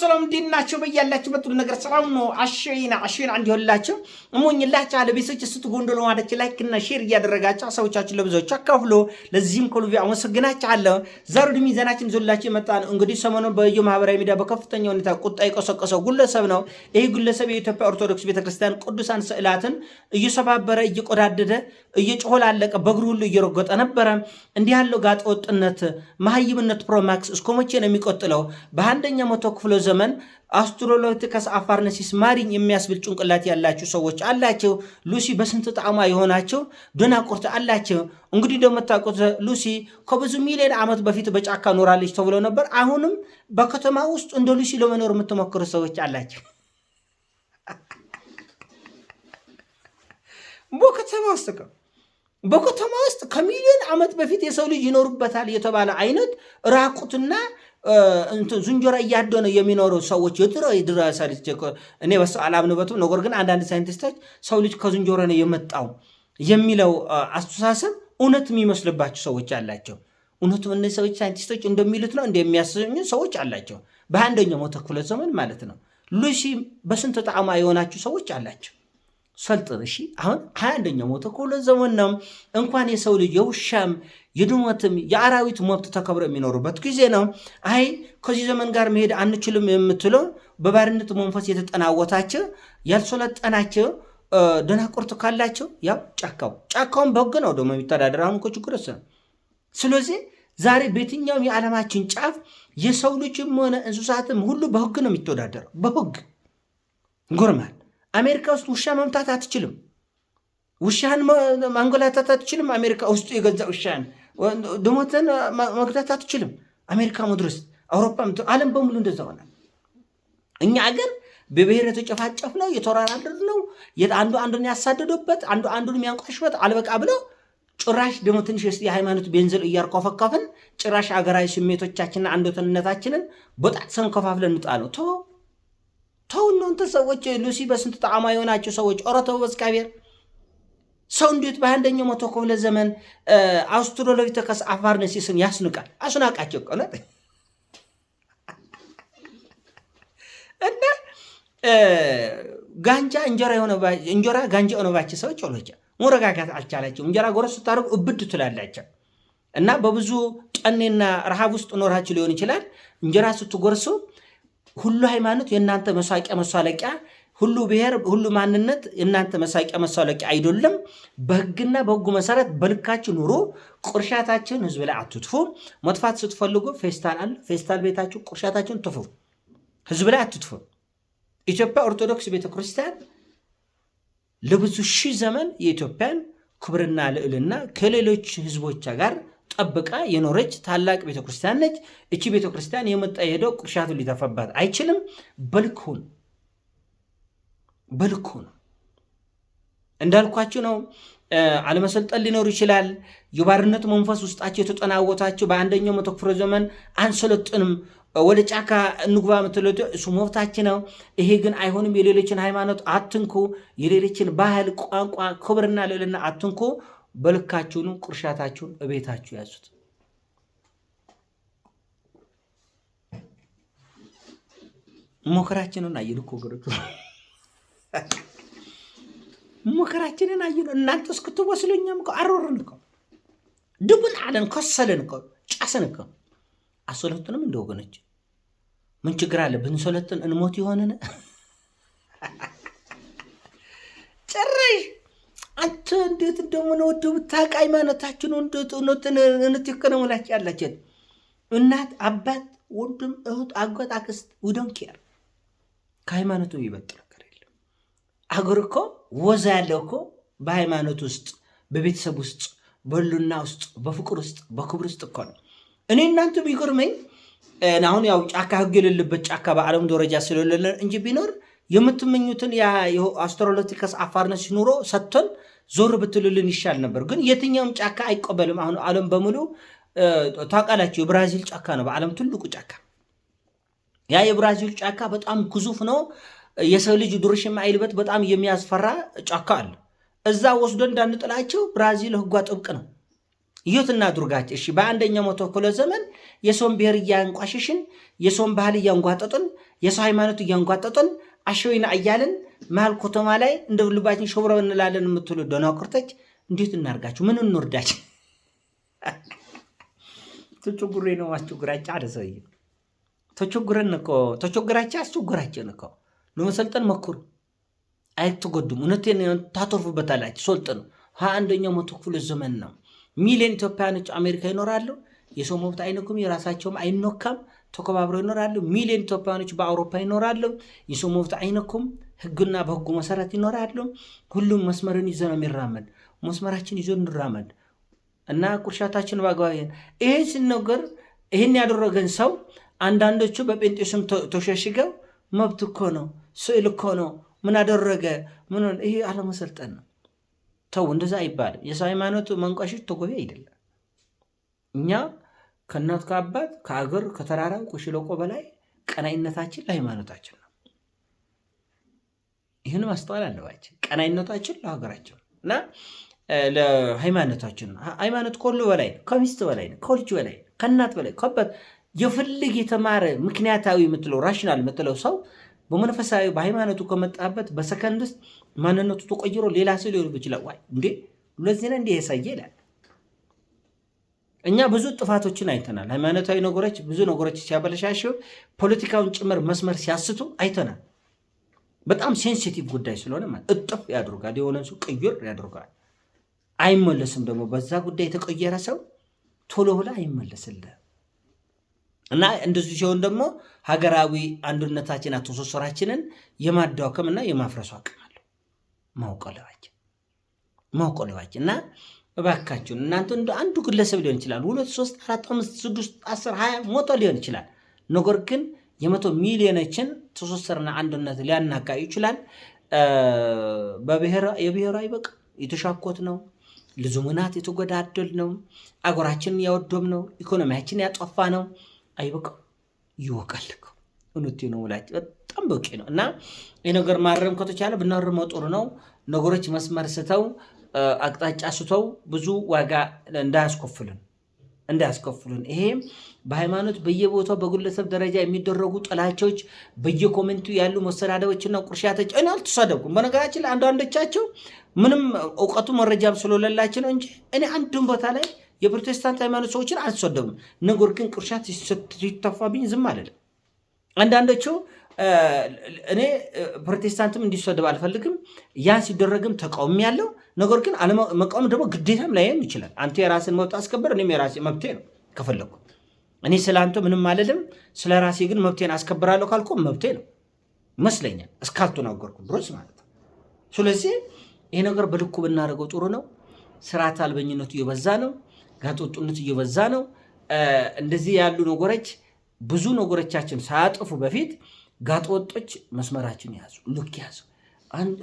ሰላም እንዴት ናቸው? በያላቸው በጥሩ ነገር ሰላም ነው። አሸይና አሸና እንዲሆንላቸው እሞኝላቸው አለ። ቤተሰቦች እስቱ ጎንዶሎ ማለች ላይክ እና ሼር እያደረጋቸው ሰዎቻችን ለብዙዎች አካፍሎ ለዚህም ከልቤ አመሰግናቸው አለ። ዛሬ ወደ ዘናችን ይዞላቸው የመጣ ነው። እንግዲህ ሰሞኑን በዩ ማህበራዊ ሚዲያ በከፍተኛ ሁኔታ ቁጣ የቀሰቀሰው ግለሰብ ነው። ይህ ግለሰብ የኢትዮጵያ ኦርቶዶክስ ቤተክርስቲያን ቅዱሳን ስዕላትን እየሰባበረ እየቆዳደደ እየጮሆላለቀ በእግሩ ሁሉ እየረገጠ ነበረ። እንዲህ ያለው ጋጠወጥነት፣ መሀይምነት ፕሮማክስ እስከ መቼ ነው የሚቆጥለው? በአንደኛ መቶ ክፍለ ዘመን አስትሮሎቲከስ አፋርነሲስ ማሪኝ የሚያስብል ጭንቅላት ያላቸው ሰዎች አላቸው። ሉሲ በስንት ጣዕሟ የሆናቸው ደናቁርት አላቸው። እንግዲህ እንደምታውቁት ሉሲ ከብዙ ሚሊዮን ዓመት በፊት በጫካ ኖራለች ተብሎ ነበር። አሁንም በከተማ ውስጥ እንደ ሉሲ ለመኖር የምትሞክሩ ሰዎች አላቸው። በከተማ ውስጥ በከተማ ውስጥ ከሚሊዮን ዓመት በፊት የሰው ልጅ ይኖሩበታል የተባለ አይነት ራቁትና ዝንጀሮ እያደነ የሚኖሩ ሰዎች የድሮ ድረሰ እኔ በሰ አላምንበትም። ነገር ግን አንዳንድ ሳይንቲስቶች ሰው ልጅ ከዝንጀሮ ነው የመጣው የሚለው አስተሳሰብ እውነት የሚመስልባቸው ሰዎች አላቸው። እውነቱም እነዚህ ሰዎች ሳይንቲስቶች እንደሚሉት ነው እንደሚያሰኙ ሰዎች አላቸው። በአንደኛው መቶ ክፍለ ዘመን ማለት ነው ሉሲ በስንት ጣዕማ የሆናችሁ ሰዎች አላቸው። ሰልጥን። እሺ አሁን ሀያ አንደኛው መቶ ዘመን ነው። እንኳን የሰው ልጅ የውሻም የድመትም የአራዊት መብት ተከብሮ የሚኖሩበት ጊዜ ነው። አይ ከዚህ ዘመን ጋር መሄድ አንችልም የምትለው በባርነት መንፈስ የተጠናወታቸው ያልሰለጠናቸው ደናቁርት ካላቸው ያው ጫካው ጫካውን በሕግ ነው ደግሞ የሚተዳደር አሁን እኮ ችግር ስለዚህ ዛሬ በየትኛውም የዓለማችን ጫፍ የሰው ልጅም ሆነ እንስሳትም ሁሉ በህግ ነው የሚተዳደረው። በህግ ጎርማል አሜሪካ ውስጥ ውሻ መምታት አትችልም። ውሻን ማንጎላታት አትችልም። አሜሪካ ውስጡ የገዛ ውሻን ድሞትን መግዳት አትችልም። አሜሪካ መድረስ አውሮፓ ምድር፣ ዓለም በሙሉ እንደዛ ሆናል። እኛ አገር በብሔር የተጨፋጨፍ ነው የተወራራድር ነው አንዱ አንዱን ያሳደዱበት አንዱ አንዱን የሚያንቋሽበት አልበቃ ብለው ጭራሽ ደግሞ ትንሽ የሃይማኖት ቤንዝል እያርኮፈከፍን ጭራሽ አገራዊ ስሜቶቻችንና አንድነታችንን በጣት ሰንከፋፍለን እንጣለው። ተው እናንተ ሰዎች፣ ሉሲ በስንት ጣዕማ የሆናችሁ ሰዎች፣ ኧረ ተው በእግዚአብሔር። ሰው እንዴት በአንደኛው መቶ ክፍለ ዘመን አውስትራሎፒቴከስ አፋርነሲስን ያስንቃል? አስናቃቸው ቀለ እና ጋንጃ እንጀራ የሆነ እንጀራ ጋንጃ የሆነባቸው ሰዎች ሎቻ መረጋጋት አልቻላቸው። እንጀራ ጎረስ ስታደርጉ እብድ ትላላቸው እና በብዙ ጠኔና ረሃብ ውስጥ ኖራችሁ ሊሆን ይችላል። እንጀራ ስትጎርሱ ሁሉ ሃይማኖት የእናንተ መሳቂያ መሳለቂያ፣ ሁሉ ብሔር፣ ሁሉ ማንነት የእናንተ መሳቂያ መሳለቂያ አይደለም። በህግና በህጉ መሰረት በልካችሁ ኑሩ። ቁርሻታችሁን ህዝብ ላይ አትትፉ። መጥፋት ስትፈልጉ ፌስታል አለ፣ ፌስታል ቤታችሁ ቁርሻታችሁን ትፉ፣ ህዝብ ላይ አትትፉ። ኢትዮጵያ ኦርቶዶክስ ቤተክርስቲያን ለብዙ ሺህ ዘመን የኢትዮጵያን ክብርና ልዕልና ከሌሎች ሕዝቦቿ ጋር ጠብቃ የኖረች ታላቅ ቤተክርስቲያን ነች። እቺ ቤተክርስቲያን የመጣ የሄደው ቅርሻቱን ሊተፋባት አይችልም። በልኩ ነው፣ በልኩ ነው። እንዳልኳችሁ ነው። አለመሰልጠን ሊኖር ይችላል። የባርነት መንፈስ ውስጣቸው የተጠናወታቸው በአንደኛው መቶ ክፍለ ዘመን አንሰለጥንም ወደ ጫካ እንግባ ምትለት እሱ መብታችን ነው። ይሄ ግን አይሆንም። የሌሎችን ሃይማኖት አትንኩ። የሌሎችን ባህል፣ ቋንቋ፣ ክብርና ልዕልና አትንኩ። በልካችሁኑ ቁርሻታችሁን እቤታችሁ ያዙት። ሞከራችንን አየን እኮ ወገኖች፣ ሞከራችንን አየን። እናንተ እስክትወስሉ እኛም እኮ አሮርን እኮ ድቡን አለን ከሰልን እኮ ጫስን እኮ አሰለጥንም እንደ ወገኖች፣ ምን ችግር አለ ብንሰለጥን? እንሞት ይሆንን ጭራሽ አንተ እንዴት እንደሆነ ወደ ብታውቅ ሃይማኖታችን እውነት የከነሙላች ያላችን እናት፣ አባት፣ ወንድም፣ እህት፣ አጎት፣ አክስት ውደን ኪያር ከሃይማኖቱ ይበልጥ ነገር የለም። አገር እኮ ወዛ ያለው እኮ በሃይማኖት ውስጥ በቤተሰብ ውስጥ በሉና ውስጥ በፍቅር ውስጥ በክብር ውስጥ እኮ ነው። እኔ እናንተ ቢጎርመኝ አሁን ያው ጫካ ህግ የሌለበት ጫካ በዓለም ደረጃ ስለሌለ እንጂ ቢኖር የምትመኙትን አስትሮሎቲከስ አፋርነስ ኑሮ ሰጥቶን ዞር ብትልልን ይሻል ነበር። ግን የትኛውም ጫካ አይቀበልም። አሁን ዓለም በሙሉ ታውቃላችሁ፣ የብራዚል ጫካ ነው በዓለም ትልቁ ጫካ። ያ የብራዚል ጫካ በጣም ግዙፍ ነው። የሰው ልጅ ዱርሽ የማይልበት በጣም የሚያስፈራ ጫካ አለ። እዛ ወስዶ እንዳንጥላቸው ብራዚል ህጓ ጥብቅ ነው። ይሁት እናድርጋች። እሺ በአንደኛው መቶ ክፍለ ዘመን የሰውን ብሔር እያንቋሸሽን፣ የሰውን ባህል እያንጓጠጥን፣ የሰው ሃይማኖት እያንጓጠጥን አሸዊና እያልን መሀል ኮተማ ላይ እንደ ልባችን ሾብረው እንላለን የምትሉ ደናቁርቶች እንዴት እናርጋችሁ? ምን እንወርዳችሁ? ተቸጉሬ ነው አስቸጉራቸ አለ ሰውየ። ተቸጉረን እኮ ተቸጉራቸ አስቸጉራቸውን እኮ ለመሰልጠን መኩር አይትጎዱም። እውነቴን ታተርፉበታላችሁ። ሶልጥኑ ሀ አንደኛው መቶ ክፍለ ዘመን ነው። ሚሊዮን ኢትዮጵያኖች አሜሪካ ይኖራሉ። የሰው መብት አይነኩም፣ የራሳቸውም አይኖካም። ተከባብረው ይኖራሉ። ሚሊዮን ኢትዮጵያኖች በአውሮፓ ይኖራሉ። የሰው መብት አይነኩም። ህግና በህጉ መሰረት ይኖራሉ። ሁሉም መስመርን ይዘ ነው የሚራመድ። መስመራችን ይዞ እንራመድ እና ቁርሻታችን በአግባብ ይሄ ሲነገር ይህን ያደረገን ሰው አንዳንዶቹ በጴንጤ ስም ተሸሽገው መብት እኮ ነው ስዕል እኮ ነው ምን አደረገ ምን ይሄ አለመሰልጠን ነው። ተው እንደዛ አይባልም። የሰው ሃይማኖት መንቋሾች ተገቢ አይደለም እኛ ከእናት ከአባት ከአገር ከተራራው ከሸለቆ በላይ ቀናይነታችን ለሃይማኖታችን ነው። ይህን ማስተዋል አለባችን። ቀናይነታችን ለሀገራችን እና ለሃይማኖታችን ነው። ሃይማኖት ከሁሉ በላይ ነው። ከሚስት በላይ ነው። ከልጅ በላይ ነው። ከእናት በላይ ከአባት የፈልግ የተማረ ምክንያታዊ የምትለው ራሽናል የምትለው ሰው በመንፈሳዊ በሃይማኖቱ ከመጣበት በሰከንድ ውስጥ ማንነቱ ተቆይሮ ሌላ ሰው ሊሆን ይችላል። ዋይ እንዴ ለዚህ ነው እንዲህ ያሳየ ይላል። እኛ ብዙ ጥፋቶችን አይተናል። ሃይማኖታዊ ነገሮች ብዙ ነገሮች ሲያበለሻሽ፣ ፖለቲካውን ጭምር መስመር ሲያስቱ አይተናል። በጣም ሴንሲቲቭ ጉዳይ ስለሆነ ማለት እጥፍ ያደርጋል፣ የሆነ ሰው ቅይር ያደርገዋል። አይመለስም ደግሞ በዛ ጉዳይ የተቀየረ ሰው ቶሎ ብላ አይመለስልህም። እና እንደዚ ሲሆን ደግሞ ሀገራዊ አንድነታችንና ትስስራችንን እና የማፍረሱ አቅም አለው ማውቀለባችን ማውቀለባችን እና እባካችሁን እናንተ እንደ አንዱ ግለሰብ ሊሆን ይችላል፣ ሁለት ሶስት አራት አምስት ስድስት አስር ሀያ ሞቶ ሊሆን ይችላል። ነገር ግን የመቶ ሚሊዮኖችን ትስስርና አንድነት ሊያናጋ ይችላል። የብሔራዊ በቃ የተሻኮት ነው፣ ልዙምናት የተጎዳደል ነው፣ አገራችንን ያወዶም ነው፣ ኢኮኖሚያችን ያጠፋ ነው። አይ በቃ ይወቃል። እውነት ነው ውላጭ በጣም በቂ ነው እና ይህ ነገር ማረም ከተቻለ ብናርመው ጥሩ ነው ነገሮች መስመር ስተው አቅጣጫ ስተው ብዙ ዋጋ እንዳያስከፍልን እንዳያስከፍሉን ይሄም በሃይማኖት በየቦታው በግለሰብ ደረጃ የሚደረጉ ጥላቻዎች፣ በየኮሜንቱ ያሉ መሰዳደቦችና ቁርሻ እኔ አልተሳደብኩም። በነገራችን ላይ አንዳንዶቻቸው ምንም እውቀቱ መረጃም ስለሌላቸው ነው እንጂ እኔ አንድም ቦታ ላይ የፕሮቴስታንት ሃይማኖት ሰዎችን አልተሰደቡም። ነገር ግን ቁርሻት ሲተፋብኝ ዝም አልልም። አንዳንዶቹ እኔ ፕሮቴስታንትም እንዲሰደብ አልፈልግም። ያ ሲደረግም ተቃውሚ ያለው ነገር ግን መቃወም ደግሞ ግዴታም ላይም ይችላል። አንተ የራስን መብት አስከበር፣ እኔም የራሴ መብቴ ነው ከፈለግኩ። እኔ ስለ አንተ ምንም አልልም፣ ስለ ራሴ ግን መብቴን አስከብራለሁ ካልኩ መብቴ ነው ይመስለኛል፣ እስካልተናገርኩ ድረስ ማለት ነው። ስለዚህ ይህ ነገር በልኩ ብናደርገው ጥሩ ነው። ስርዓት አልበኝነቱ እየበዛ ነው፣ ጋጦጡነቱ እየበዛ ነው። እንደዚህ ያሉ ነገሮች ብዙ ነገሮቻችን ሳያጥፉ በፊት ወጦች መስመራችን ያዙ፣ ልክ ያዙ።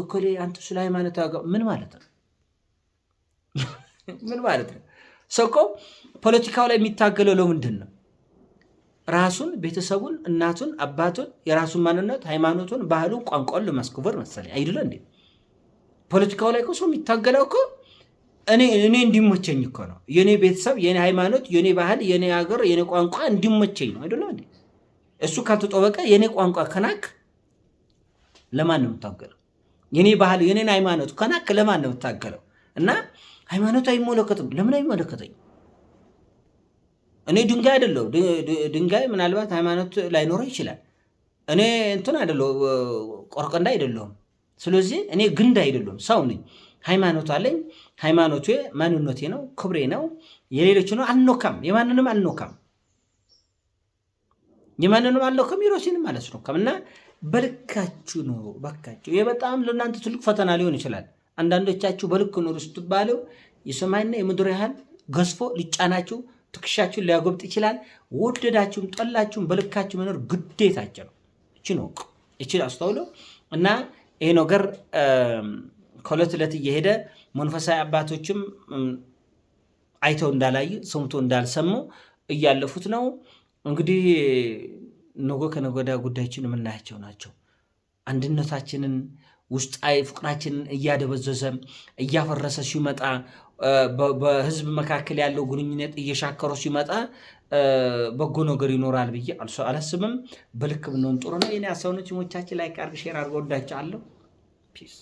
እኮሌ አንተ ስለ ሃይማኖት ምን ማለት ነው? ምን ማለት ነው? ሰው እኮ ፖለቲካው ላይ የሚታገለው ለምንድን ነው? ራሱን፣ ቤተሰቡን፣ እናቱን፣ አባቱን፣ የራሱን ማንነት፣ ሃይማኖቱን፣ ባህሉን፣ ቋንቋውን ለማስከበር መሰለኝ አይደለ እንዴ? ፖለቲካው ላይ ሰው የሚታገለው እኮ እኔ እኔ እንዲመቸኝ እኮ ነው። የእኔ ቤተሰብ፣ የኔ ሃይማኖት፣ የኔ ባህል፣ የኔ ሀገር፣ የኔ ቋንቋ እንዲመቸኝ ነው አይደለ እንዴ? እሱ ካልተጠበቀ የኔ ቋንቋ ከናክ ለማን ነው የምታገለው? የኔ ባህል የኔን ሃይማኖት ከናክ ለማን ነው የምታገለው? እና ሃይማኖት አይመለከትም። ለምን አይመለከተኝ? እኔ ድንጋይ አይደለው። ድንጋይ ምናልባት ሃይማኖት ላይኖረው ይችላል። እኔ እንትን አይደለው፣ ቆርቀንዳ አይደለውም። ስለዚህ እኔ ግንድ አይደለም ሰው ነኝ። ሃይማኖት አለኝ። ሃይማኖቴ ማንነቴ ነው፣ ክብሬ ነው። የሌሎች ነው አልኖካም፣ የማንንም አልኖካም። የማንንም አለኩም የሮሲንም ማለት ነው ከምና በልካችሁ ኑሩ። በካችሁ ይህ በጣም ለእናንተ ትልቅ ፈተና ሊሆን ይችላል። አንዳንዶቻችሁ በልክ ኑሩ ስትባለው የሰማይና የምድር ያህል ገዝፎ ሊጫናችሁ ትከሻችሁን ሊያጎብጥ ይችላል። ወደዳችሁም ጠላችሁም በልካችሁ መኖር ግዴታችሁ ነው። እቺ ነው እቺ አስተውሎ እና ይሄ ነገር ከሁለት ዕለት እየሄደ መንፈሳዊ አባቶችም አይተው እንዳላዩ ሰምቶ እንዳልሰሙ እያለፉት ነው። እንግዲህ ነገ ከነገ ወዲያ ጉዳያችን የምናያቸው ናቸው። አንድነታችንን ውስጣዊ ፍቅራችንን እያደበዘዘ እያፈረሰ ሲመጣ በህዝብ መካከል ያለው ግንኙነት እየሻከረ ሲመጣ በጎ ነገር ይኖራል ብዬ አላስብም። በልክ ብንሆን ጥሩ ነው። የኔ ሰውነች ሞቻችን ላይ ቃርግ ሼር አድርገ ወዳቸው አለው ፒስ